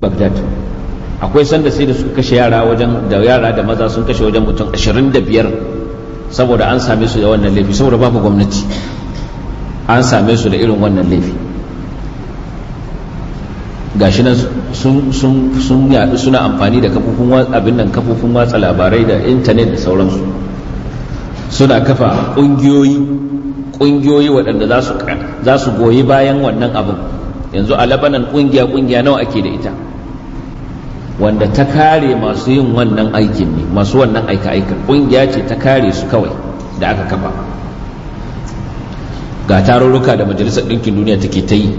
Speaker 1: bagdad akwai sanda sai da suka kashe yara wajen da yara da maza sun kashe wajen mutum 25 saboda an same su da wannan laifi saboda babu gwamnati an same su da irin wannan laifi gashi nan sun yaɗu suna amfani da kafofin abin nan kafofin watsa labarai da intanet da sauransu suna kafa ƙungiyoyi ƙungiyoyi waɗanda za su goyi bayan wannan abin yanzu a labanan ƙungiya ƙungiya nawa ake da ita wanda ta kare masu yin wannan aikin ne masu wannan aika-aikan ƙungiya ce ta kare su kawai da aka kafa ga tarurruka da majalisar ɗinkin duniya take ta yi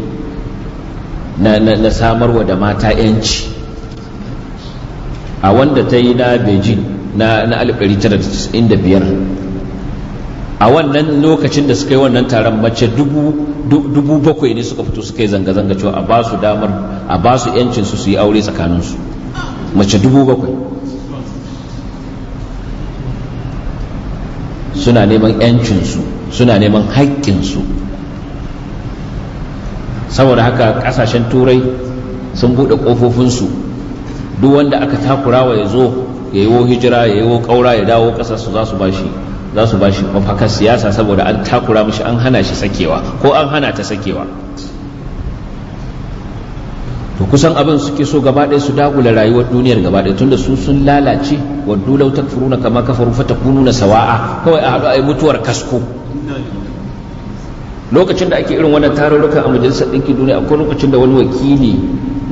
Speaker 1: na, samarwa da mata 'yanci a wanda ta yi na beijing na, na 1995 a wannan lokacin da suka yi wannan taron mace dubu bakwai ne suka fito suka yi zanga-zanga cewa a ba su damar a ba su 'yancinsu su yi aure tsakaninsu mace dubu bakwai suna neman 'yancinsu suna neman haƙƙinsu saboda haka ƙasashen turai sun buɗe ƙofofinsu duk wanda aka takurawa ya zo ya yi hijira ya yi ƙaura ya dawo ƙasarsu za su bashi za su bashi mafakar siyasa saboda an takura mashi an hana shi sakewa ko an hana ta sakewa to kusan abin suke so gaba ɗaya su dagula rayuwar duniyar gaba ɗaya tunda su sun lalace waddu law takfuruna kama kafaru na sawa'a kawai a haɗu a mutuwar kasko lokacin da ake irin wannan tarurrukan a majalisar ɗinki duniya akwai lokacin da wani wakili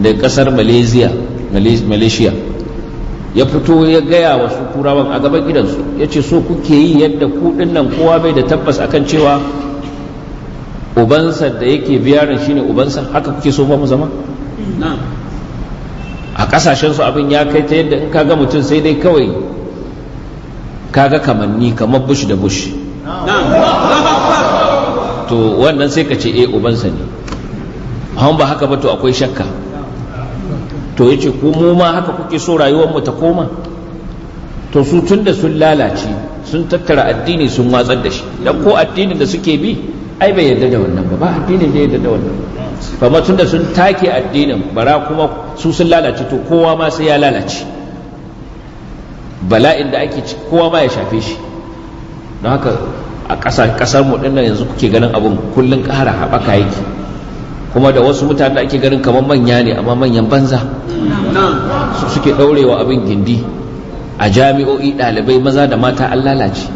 Speaker 1: da ƙasar malaysia ya fito ya gaya wa su turawan a gaban gidansu ya ce so kuke yi yadda kuɗin nan kowa bai da tabbas akan cewa ubansa da yake biyarin shine ubansa haka kuke so ba mu zama a ƙasashensu su abin ya kai ta yadda in ka ga mutum sai dai kawai kaga kamanni kamar bush da bush to wannan sai ka ce eh ubansa ne an ba haka ba to akwai shakka to yace ko mu ma haka kuke so rayuwar mu ta koma to su tun da sun lalace sun tattara addini sun watsar da shi dan ko addinin da suke bi ai bai yarda da wannan ba ba addinin da yarda da wannan ba tun da sun take addinin bara kuma su sun lalace to kowa ma sai ya lalace bala'in da ake ci kowa ma ya shafe shi don haka a ƙasa ƙasar mu dinnan yanzu kuke ganin abin kullun ƙara haɓaka yake kuma da wasu mutane da ake ganin kamar manya ne amma manyan banza su suke ɗaurewa abin gindi a jami'o'i ɗalibai maza da mata an lalace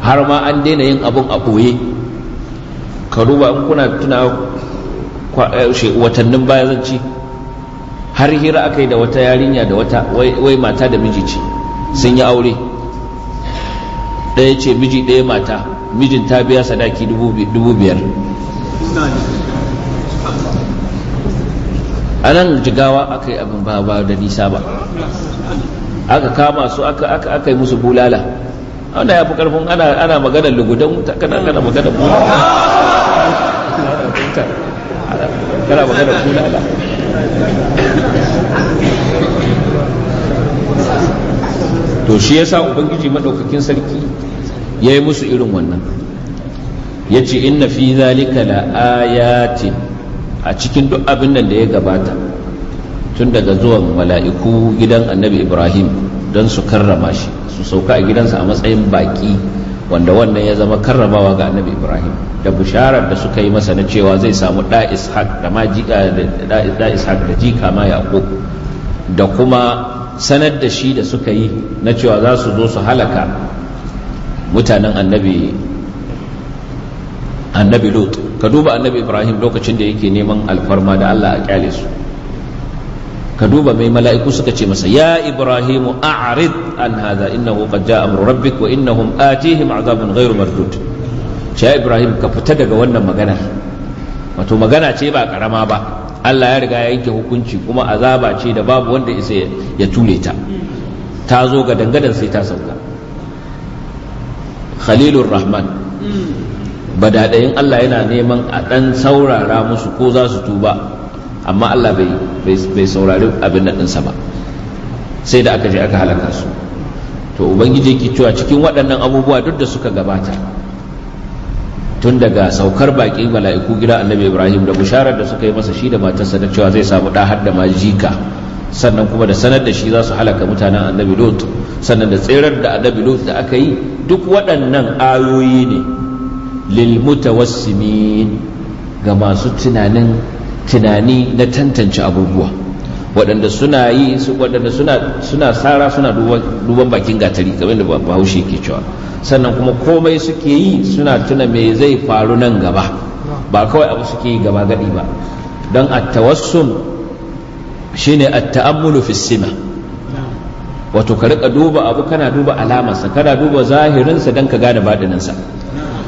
Speaker 1: har ma an daina yin abun a ɓoye ka duba in kuna tuna eh, watannin baya zan ci har hira aka yi da wata yarinya da wata wai mata da miji ce sun yi aure ɗaya ce miji ɗaya mata mijin ta biya sadaki dubu biyar a nan jigawa aka yi abin ba ba da nisa ba aka kama su aka yi musu bulala wanda ya fi karfin ana maganar lugudan wuta kana kana maganar bulala fahimta kana magana bulala to shi yasa ubangiji madaukakin sarki yayi musu irin wannan yace inna fi zalika la ayatin a cikin duk abin nan da ya gabata tun daga zuwan mala'iku gidan annabi ibrahim don su karrama shi su sauka a gidansa a matsayin baki wanda wannan ya zama karramawa ga annabi ibrahim da bisharar da suka yi masa na cewa zai samu da ishaq da ma jika da ishaq da jika ma yaqub da kuma sanar da shi da suka yi na cewa za su zo su halaka mutanen annabi annabi lut ka duba annabi ibrahim lokacin da yake neman alfarma da allah a kyale su ka duba mai mala'iku suka ce masa ya ibrahimu a'rid an hadha innahu qad ja'a amru rabbik wa innahum atihim azabun ghairu mardud ya ibrahim ka fita daga wannan magana wato magana ce ba karama ba Allah ya riga ya yanke hukunci kuma azaba ce da babu wanda isa ya ture ta ta zo ga dangadan sai ta sauka khalilur rahman badadayin Allah yana neman a dan saurara musu ko za su tuba amma Allah bai bai saurari abin nan ɗinsa ba sai da aka je aka halaka su to ubangiji yake cewa cikin waɗannan abubuwa duk da suka gabata tun daga saukar baƙi mala'iku gida annabi ibrahim da bisharar da suka yi masa shi da matarsa da cewa zai samu ɗa har da majika sannan kuma da sanar da shi za su halaka mutanen annabi lot sannan da tserar da annabi lot da aka yi duk waɗannan ayoyi ne lil mutawassimin ga masu tunanin tunani na tantance abubuwa waɗanda suna yi waɗanda suna tsara sara suna duban bakin gatari kamar da bahaushe ke cewa sannan kuma komai suke yi suna tuna me zai faru nan gaba ba kawai abu suke yi gaba gadi ba don shi shine a fi wato ka rika duba abu kana duba alamarsa kana duba zahirinsa don ka gane badaninsa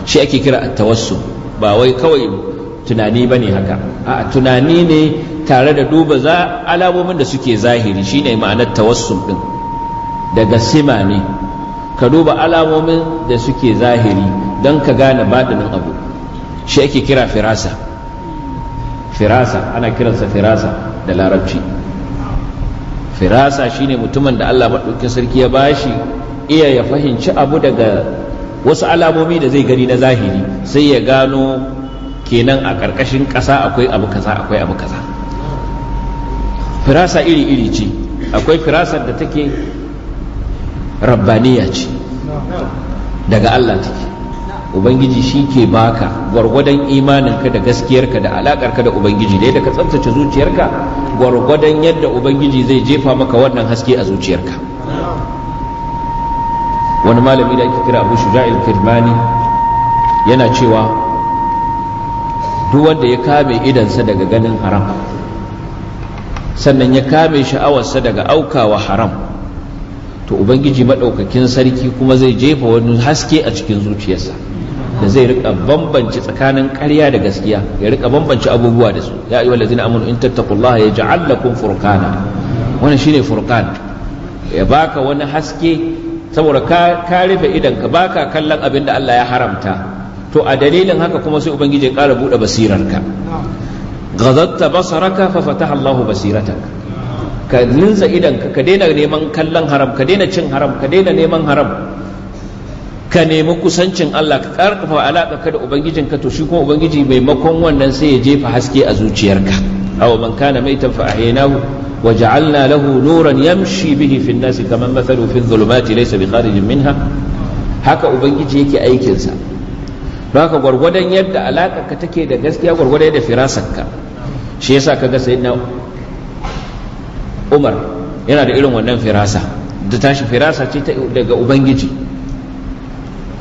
Speaker 1: shi ake kira tawassun ba wai kawai tunani ba ne haka a tunani ne tare da duba za alamomin da suke zahiri shine ma'anar tawassul din daga sima ne ka duba alamomin da suke zahiri don ka gane badinin abu shi ake kira firasa firasa ana kiransa firasa da larabci firasa shine mutumin da Allah maɗaukin sarki ya bashi iya ya fahimci abu daga wasu alamomi da zai gani na zahiri sai ya gano kenan a ƙarƙashin ƙasa akwai abu kaza akwai abu kaza firasa iri-iri ce akwai firasar da take rabbaniya ce daga Allah take ubangiji shi ke baka gwargwadon imaninka da gaskiyarka da alaƙarka da ubangiji da yadda ka tsabtace zuciyarka gwargwadon yadda ubangiji zai jefa maka wannan haske a zuciyarka wani malami da ake kira abu shuja'il kirmani yana cewa duk wanda ya kame idansa daga ganin haram sannan ya kame sha'awarsa daga aukawa haram to ubangiji maɗaukakin sarki kuma zai jefa wani haske a cikin zuciyarsa da zai rika bambanci tsakanin ƙarya da gaskiya ya rika bambanci abubuwa da su ya ayyuhal ladzina amanu in tattaqullaha yaj'al lakum furqana wannan shine furqan ya baka wani haske saboda ka rufe idan ka baka kallon abin da Allah ya haramta to a dalilin haka kuma sai ubangiji ya kara buɗe basirarka ghadatta basaraka fa fataha Allahu basiratak ka linza idan ka daina neman kallon haram ka daina cin haram ka daina neman haram ka nemi kusancin Allah ka karfafa alaka ka da ka. to shi kuma ubangiji maimakon wannan sai ya jefa haske a zuciyarka aw man kana maitan fa ahyaynahu wa ja'alna lahu nuran yamshi bihi fi an-nasi kaman mathalu fi adh-dhulumati laysa bi kharijin minha haka ubangiji yake aikinsa baka gwargwadon yadda alaƙar ka take da gaskiya gwargwadon yadda firasarka shi yasa kaga sayyidina Umar yana da irin wannan firasa da tashi firasa ce daga ubangiji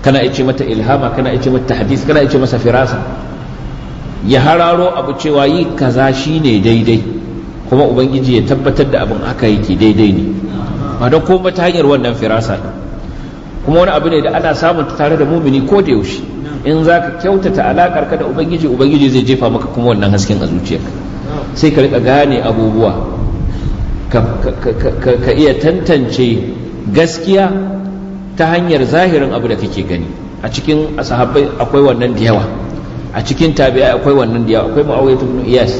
Speaker 1: kana ice mata ilhama kana ice mata hadis kana ice masa firasa ya hararo abu cewa yi kaza shine daidai kuma ubangiji ya tabbatar da abin haka yake daidai ne ba don kuma ta hanyar wannan firasa kuma wani abu ne da ana samun tare da mumini ko da yaushe in za ka kyautata alakar ka da ubangiji ubangiji zai jefa maka kuma wannan hasken a zuciyarka sai ka rika gane abubuwa ka iya tantance gaskiya ta hanyar zahirin abu da kake gani a cikin asahabai akwai wannan da yawa a cikin tabi'a akwai wannan da yawa akwai ma'auyatu ibn iyas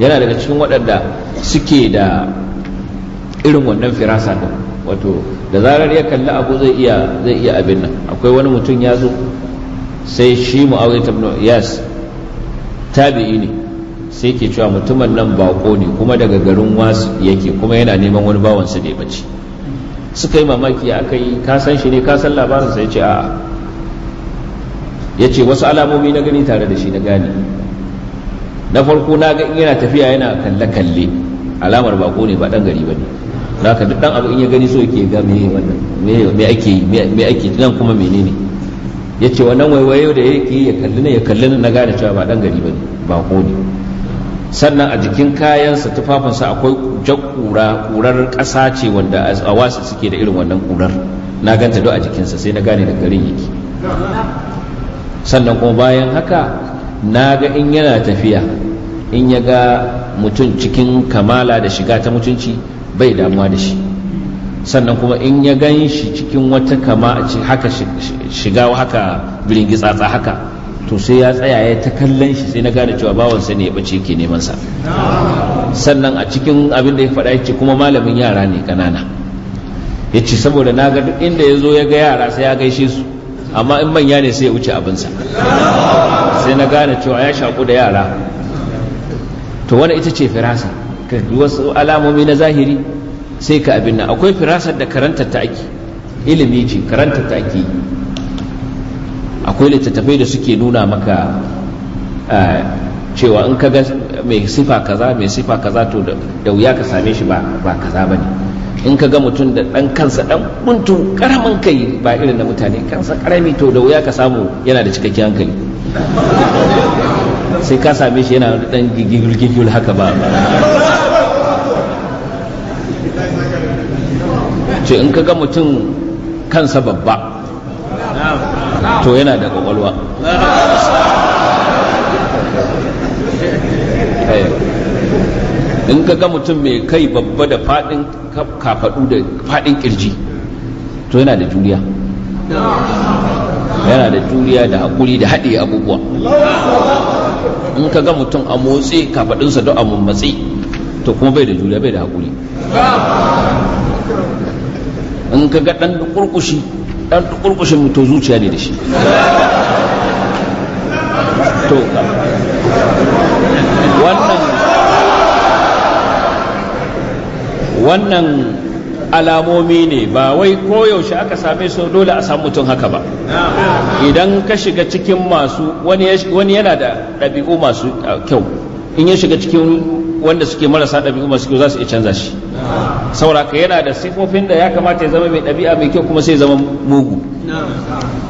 Speaker 1: yana daga cikin waɗanda suke da irin wannan firasa din wato da zarar ya kalli abu zai iya zai iya abin nan akwai wani mutum ya zo sai shi mu'awiyah ibn yas tabi'i ne sai ke cewa mutumin nan bako ne kuma daga garin wasu yake kuma yana neman wani bawansa da ya bace suka yi mamaki aka yi ka san shi ne ka san labarin sai ce a'a ya wasu alamomi na gani tare da shi na gane na farko na ga yana tafiya yana kalle-kalle alamar bako ne ba dan gari bane haka duk dan abu in ya gani so yake ga me wannan me ake me ake nan kuma menene yace wannan waiwayo da yake ya kalli ne ya kalli ne na gane cewa ba dan gari bane ba ko ne sannan a jikin kayansa tufafinsa akwai jakura kurar kasa ce wanda a wasu suke da irin wannan kurar na ganta duk a jikin sa sai na gane da garin yake sannan kuma bayan haka na ga in yana tafiya in ya ga mutum cikin kamala da shiga ta mutunci bai damuwa da shi sannan kuma in ya gan shi cikin wata kama haka shiga haka tsatsa haka to sai ya tsaya ya ta kallon shi sai na gane cewa bawansa ne ya bace yake neman sa sannan a cikin abin da ya faɗa yace kuma malamin yara ne kanana yace saboda na duk inda ya zo ya ga yara sai ya gaishe su amma in manya ne sai ya wuce abinsa sai na gane cewa ya shaku da yara to wani ita ce firasa ka wasu alamomi na zahiri sai ka abin nan akwai firasar da karanta ta ake ilimi ce karanta ta ake akwai littattafai da suke nuna maka cewa in ka ga mai sifa kaza mai sifa kaza to da wuya ka same shi ba kaza ba ne in ka ga mutum da ɗan kansa ɗan buntu ƙaramin kai ba irin na mutane kansa ƙarami to da wuya ka samu yana da cikakken hankali sai ka same shi yana da ɗan gigil haka ba ce in ka ga mutum kansa babba to yana da kwakwalwa in ka ga mutum mai kai babba da fadin kafadu da fadin kirji to yana da juriya yana da juriya da haƙuri da haɗe abubuwa in ka ga mutum a motsi kafaɗinsa don a mummatsi to kuma bai da juriya bai da haƙuri in ka ga dan kurkushi dan kurkushin mutu zuciya ne da shi to wannan wannan alamomi ne ba wai koyaushe aka same su dole a samu mutum haka ba idan ka shiga cikin masu wani yana da ɗabi'u masu kyau in ya shiga cikin wanda suke marasa ɗabi'u masu kyau za su iya canza shi saboda yana da sifofin da ya kamata ya zama mai ɗabi'a mai kyau kuma sai zama mugu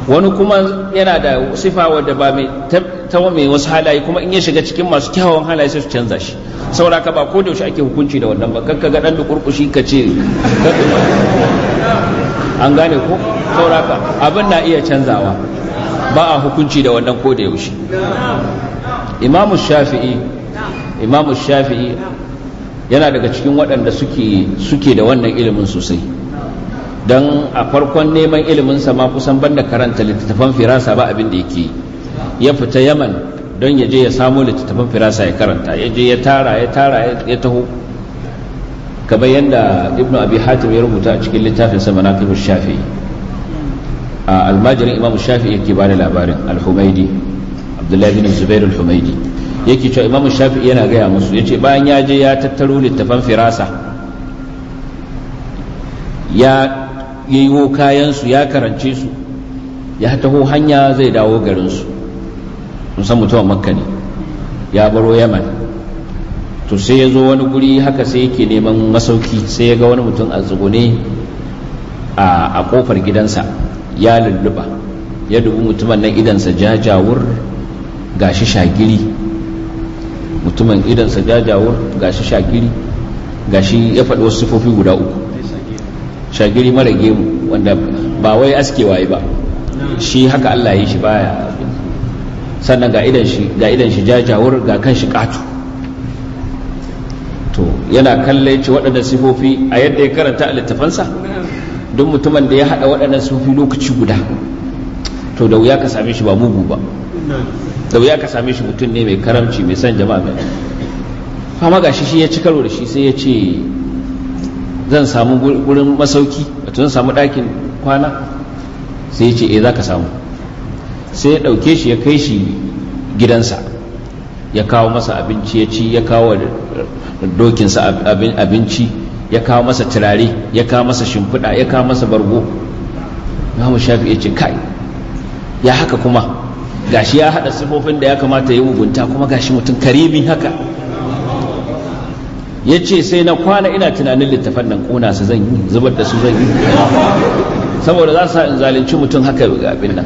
Speaker 1: wani kuma yana da sifa wadda ba mai ta mai wasu halaye kuma in ya shiga cikin masu kyawawan halaye sai su canza shi saboda ka ba ko da yaushe ake hukunci da wannan ba kakka ga dan da kurkushi ka ce an gane ko saboda ka abin na iya canzawa ba a hukunci da wannan ko da yaushe imamu shafi'i imamu shafi'i yana daga cikin waɗanda suke da wannan ilimin sosai don a farkon neman ilimin ma kusan banda karanta littattafan firasa ba abin da yake ya fita yaman don ya je ya samo littattafan firasa ya karanta ya je ya tara ya tara ya taho kamar yadda ibnu abi hatim ya rubuta a cikin littafin sa manaqibus Shafi a almajirin imamu shafi yake da labarin al-humaidi abdullahi bin zubair al yake cewa imamu shafi'i yana gaya musu yace bayan ya je ya tattaro littafan firasa ya yiwo kayansu ya karance su ya taho hanya zai dawo garinsu musan mutuwa makka ne ya baro yaman to sai ya zo wani guri haka sai yake neman masauki sai ya ga wani mutum a tsugune a kofar gidansa ya lulluba ya dubi mutumin nan idansa jajawur gashi shagiri mutumin idansa jajawar gashi ga gashi ya faɗi wasu sifofi guda uku shagiri mara gemu wanda ba wai askewa ba shi haka Allah yi shi baya sannan ga idan shi ga idan shi jajawar ga kan shi katu to yana kallon ci waɗannan sifofi a yadda ya karanta a littafansa duk mutumin da ya haɗa waɗannan sifofi lokaci guda to da wuya ka same shi ba mugu ba da wuya ka same shi mutum ne mai karamci mai son jama'a mai gashi shi ya ci karo da shi sai ya ce zan samu gurin masauki wato zan samu ɗakin kwana sai ya ce eh za ka samu sai ya ɗauke shi ya kai shi gidansa ya kawo masa abinci ya ci ya kawo dokinsa abinci ya kawo masa turare ya kawo masa shimfiɗa ya kawo masa bargo Shafi ya ce kai ya haka kuma gashi ya haɗa sifofin da ya kamata ya mugunta kuma gashi mutum karimi haka ya ce sai na kwana ina tunanin littafan nan ƙona su zan yi zubar da su zan yi saboda za su in zalunci mutum haka ga abin nan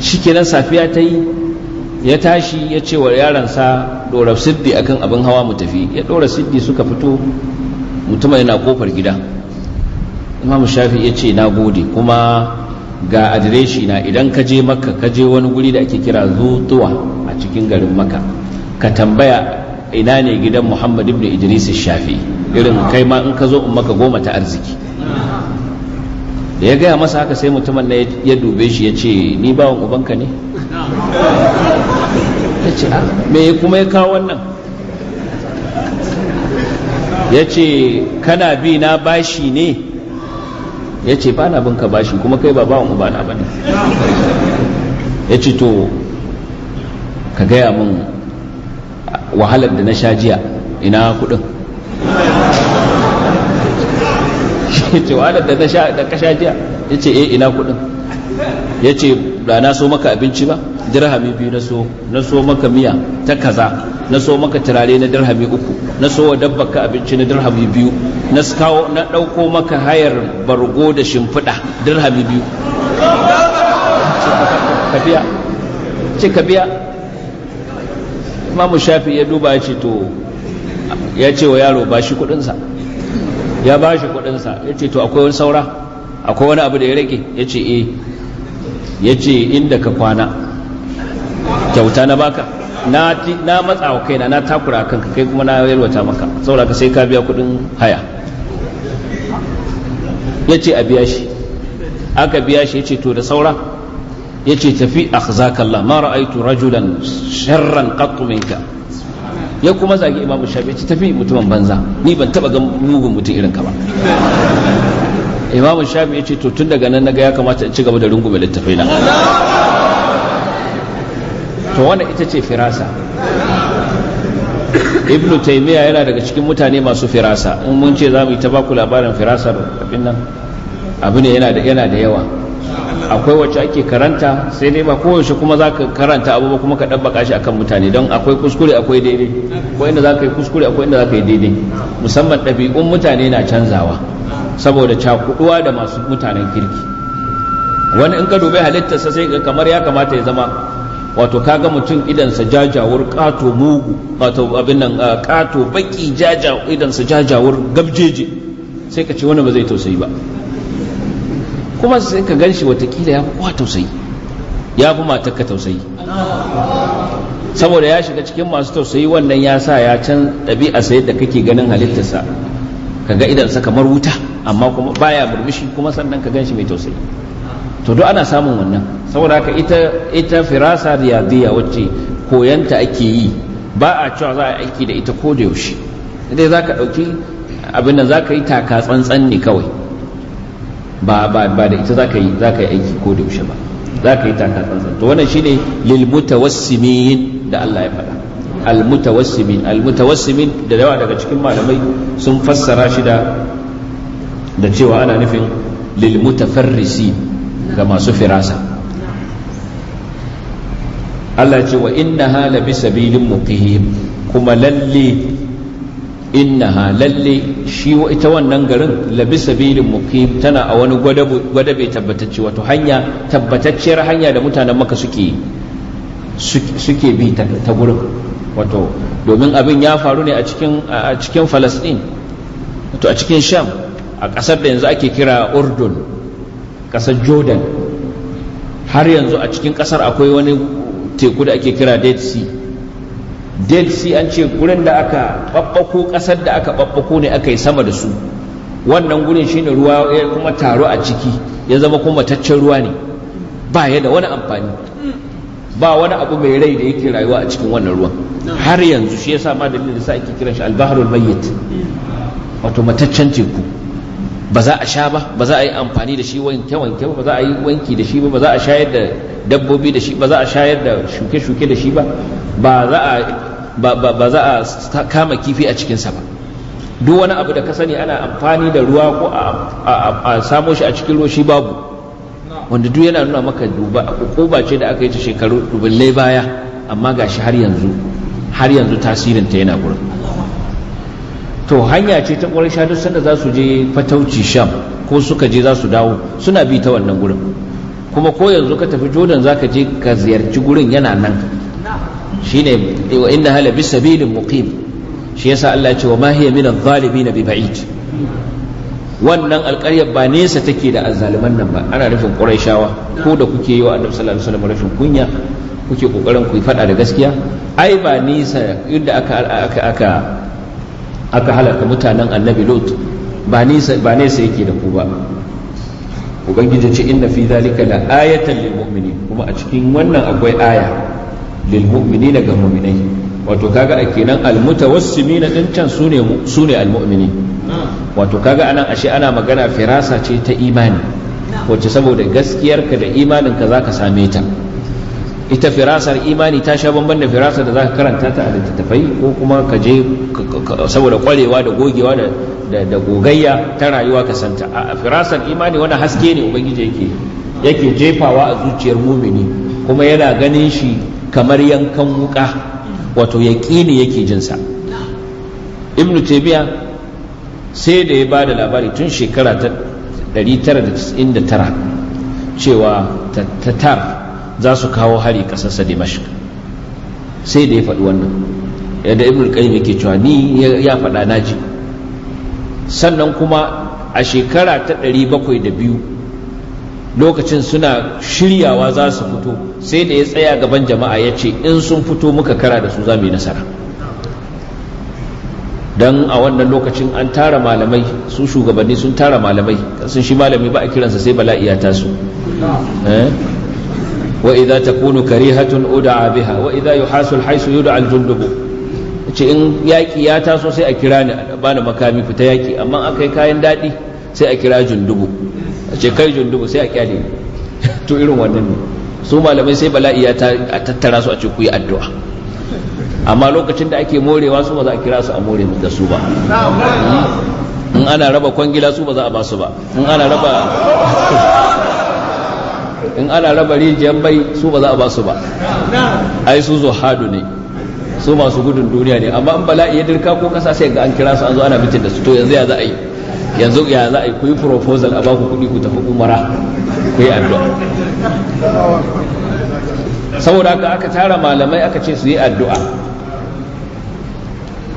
Speaker 1: shikenan safiya ta yi ya tashi ya ce wa yaransa ɗora siddi akan abin hawa mu tafi ya ɗora siddi suka fito mutum yana kofar gida imam shafi ya ce na gode kuma ga adireshi na idan ka je makka ka je wani guri da ake kira zutuwa a cikin garin makka ka tambaya ina ne gidan muhammad ibn idris shafi irin kai ma in ka zo in maka goma ta arziki da ya gaya masa haka sai mutumin na ya dube shi ya ce ni bawan ubanka ne ya ce ah, me kuma ya kawo wannan ya ce kana bi na bashi ne ya ce ba na bin ka bashi kuma kai ba bawan ubana ba ne ya ce to ka gaya min wahalar da na sha jiya ina kudin ya ce wahalar da na sha jiya ya ce eh ina kudin ya ce ba na so maka abinci ba dirhami biyu na so na so maka miya ta kaza na so maka turare na dirhami uku na so wa dabbaka abinci na dirhami biyu na kawo na ɗauko maka hayar bargo da shimfiɗa dirhami biyu ce ka biya mu shafi ya duba ya ce to ya ce wa yaro ba shi kuɗinsa ya ba shi kuɗinsa ya ce to akwai wani saura akwai wani abu da ya rage ya ce eh ya ce inda ka kwana kyauta na baka na matsa wa kaina na takura kanka kai kuma na yalwata maka saboda ka sai ka biya kudin haya ya ce a biya shi aka biya shi ya ce to da saura ya ce tafi a zakalla mara ra'aitu rajulan sharran katuminka ya kuma zagi imamu shafi ya tafi mutumin banza ni ban taba ga mugun mutum irin ka ba imamu shafi ya ce to tun daga nan naga ya kamata in ci gaba da rungume littafai na to wanda ita ce firasa ibn taymiya yana daga cikin mutane masu firasa in mun ce za mu yi ta baku labarin firasar abin nan abu ne yana da yana da yawa akwai wacce ake karanta sai dai ba kowace kuma za ka karanta abu ba kuma ka ɗabbaka shi akan mutane don akwai kuskure akwai daidai akwai inda za ka yi kuskure akwai inda za ka yi daidai musamman ɗabi'un mutane na canzawa saboda cakuduwa da masu mutanen kirki wani in ka dubi halittarsa sai ga kamar ya kamata ya zama wato kaga mutum idansa jajawar kato mugu wato abin nan kato ah, baki jaja idansa jajawar gabjeje sai ka ce wani ba zai tausayi ba kuma sai ka gan shi watakila ya kowa tausayi ya fi matakka ka tausayi saboda ya shiga cikin masu tausayi wannan ya sa ya can ɗabi'a sai da kake ganin halittarsa kaga idansa kamar wuta amma kuma baya murmushi kuma sannan ka ganshi mai tausayi to duk ana samun wannan saboda haka ita ita firasa riyadiyya wacce koyanta ake yi ba a cewa za a aiki da ita ko da yaushe dai zaka dauki abin da zaka yi taka tsantsan ne kawai ba ba ba da ita zaka yi zaka yi aiki ko da yaushe ba zaka yi taka tsantsan to wannan shine lil mutawassimin da Allah ya faɗa almutawassimin almutawassimin da yawa daga cikin malamai sun fassara shi da cewa ana nufin lilmutafarrisi ga masu firasa Allah ce wa innaha la bisabilin muqim kuma lalle innaha lalle shi ita wannan garin labi sabilin muqim tana a wani gwada gwadabe tabbatacce wato hanya tabbatacciyar hanya da mutanen maka suke suke bi ta gurin wato domin abin ya faru ne a cikin a cikin Falastin wato a cikin Sham a ƙasar da yanzu ake kira Urdun ƙasar Jordan har yanzu a cikin ƙasar akwai wani teku da ake kira Dead Sea Dead Sea an ce gurin da aka babbako ƙasar da aka babbako ne aka yi sama da su wannan gurin shine ruwa ya kuma taro a ciki ya zama kuma taccen ruwa ne ba ya da wani amfani ba wani abu mai rai da yake rayuwa a cikin wannan ruwan har yanzu shi yasa ma dalilin da sa ake kiran shi albaharul mayyit wato mataccen teku ba za a sha ba ba za a yi amfani da shi wanke wanke ba za a yi wanki da shi ba ba za a shayar da dabbobi da shi ba za a shayar da shuke shuke da shi ba ba za a ba za a kama kifi a cikinsa ba duk wani abu da ka sani ana amfani da ruwa ko a samo shi a cikin ruwa shi babu wanda duk yana nuna maka duba koba ce da aka yi ta shekaru duballai baya amma gashi har yanzu har yanzu tasirin ta yana gurin to hanya ce ta ƙwarar shadar sanda za su je fatauci sham ko suka je za su dawo suna bi ta wannan gurin kuma ko yanzu ka tafi jordan za ka je ka ziyarci gurin yana nan shine wa inna hala bisabilin muqim shi yasa Allah ya ce wa ma na min na bi ba'id wannan alƙaryar ba nesa take da azzaluman nan ba ana rufin shawa, ko da kuke yi wa annabi sallallahu alaihi rufin rashin kunya kuke ƙoƙarin ku faɗa da gaskiya ai ba nesa yadda aka aka aka aka mutanen annabi lot ba nisa ba nesa yake da ku ba ubangiji ce inna fi zalika la ayatan lil mu'minin kuma a cikin wannan akwai aya lil mu'minina ga mu'minai wato kaga a kenan al mutawassimina din can sune sune al mu'minin wato kaga anan ashe ana magana firasa ce ta imani wacce saboda gaskiyarka da imaninka ka zaka same ta ita firasar imani ta sha bamban da firasar da zaka karanta ta a littattafai ko kuma ka je saboda kwarewa da gogewa da gogayya ta rayuwa ka santa a firasar imani wani haske ne ubangiji yake yake jefawa a zuciyar mumini kuma yana ganin shi kamar yankan wuka wato yaƙini yake jinsa ibnu taymiya sai da ya ba da labari tun shekara ta 999 cewa tatar za su kawo hari kasarsa dimashq sai da ya faɗi wannan yadda ibn qayyim yake cewa ni ya faɗa naji sannan kuma a shekara ta 702 lokacin suna shiryawa za su fito sai da ya tsaya gaban jama'a ya ce in sun fito muka kara da su za mu yi nasara don a wannan lokacin an tara malamai su shugabanni sun tara malamai sun shi malami ba a kiransa sai bala'i ya taso eh? wa idza takunu karihatun ud'a biha wa idza yuhasul haisu yud'a al-jundub ce in yaki ya taso sai a kira ni bani makami fita yaki amma akai kayan dadi sai a kira jundubu ce kai jundubu sai a kyale to irin wannan ne su malamai sai bala'i ya tattara su a ce ku yi addu'a amma lokacin da ake morewa su ba za a kira su a more da su ba in ana raba kwangila su ba za a ba su ba in ana raba in ana raba rijiyar bai su ba za a ba su ba ai su zo hadu ne su masu gudun duniya ne amma in bala'i ya dirka ko kasa sai ga an kira su an zo ana mitin da su to yanzu ya za a yi yanzu ya za a yi ku yi proposal a baku kuɗi ku tafi umara ku yi addu'a saboda haka aka tara malamai aka ce su yi addu'a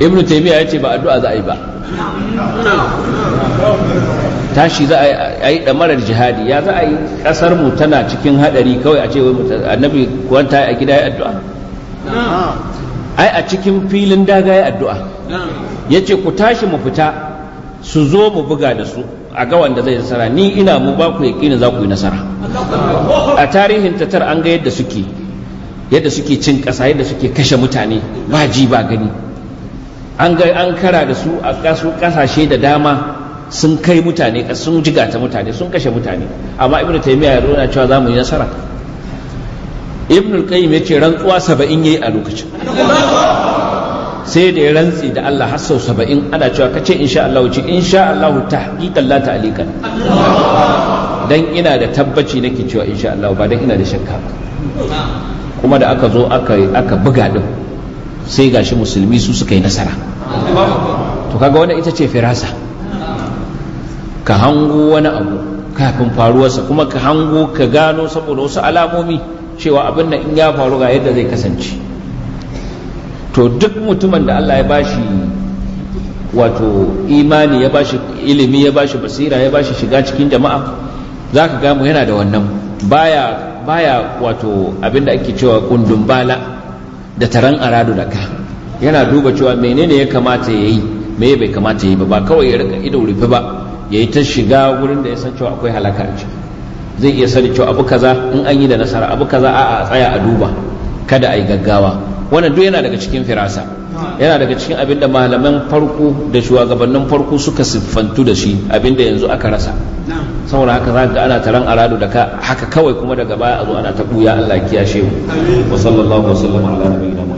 Speaker 1: ibn taymiya ya ce ba addu'a za a yi ba tashi za a yi marar jihadi ya za a yi kasar mu tana cikin hadari kawai a ce annabi kwanta a gida ya addu'a ai a cikin filin daga ya addu'a ya ce ku tashi mu fita su zo mu buga da su a ga wanda zai nasara ni ina mu ba ku yaƙini za ku yi nasara a tarihin tatar an ga yadda suke yadda suke cin ƙasa yadda suke kashe mutane ba ji ba gani an ga an kara da su a kasu kasashe da dama sun kai mutane sun jigata mutane sun kashe mutane amma ibn taymiya ya rona cewa zamu yi nasara ibn al-qayyim yace rantsuwa 70 yayi a lokacin sai da ya rantsi da Allah har sau 70 ana cewa kace insha Allah ci insha Allah tahqiqan la ta'liqan dan ina da tabbaci nake cewa insha Allah ba dan ina da shakka ba kuma da aka zo aka aka buga din sai gashi musulmi su suka yi nasara to kaga wannan ita ce firasa ka hango wani abu kafin faruwarsa kuma ka hango ka gano saboda wasu alamomi cewa abin da in ya faru ga yadda zai kasance to duk mutumin da Allah ya bashi wato imani ya bashi ilimi ya bashi basira ya bashi shiga cikin jama'a za ka gamu yana da wannan baya baya wato abinda ake cewa kundun bala da taron aradu da ka yana duba cewa menene ya kamata ya yi me bai kamata ya yi ba ba kawai ya rika ido rufe ba ya yi ta shiga wurin da ya san cewa akwai halaka a ciki zai iya sani cewa abu kaza in an yi da nasara abu kaza a a tsaya a duba kada a yi gaggawa wannan duk yana daga cikin firasa yana daga cikin abin da malaman farko da shugabannin farko suka siffantu da shi abin da yanzu aka rasa saboda haka za ka ana taron aradu da ka haka kawai kuma daga baya a zo ana ta buya Allah ya kiyashe mu wa sallallahu alaihi wa sallam ala nabiyina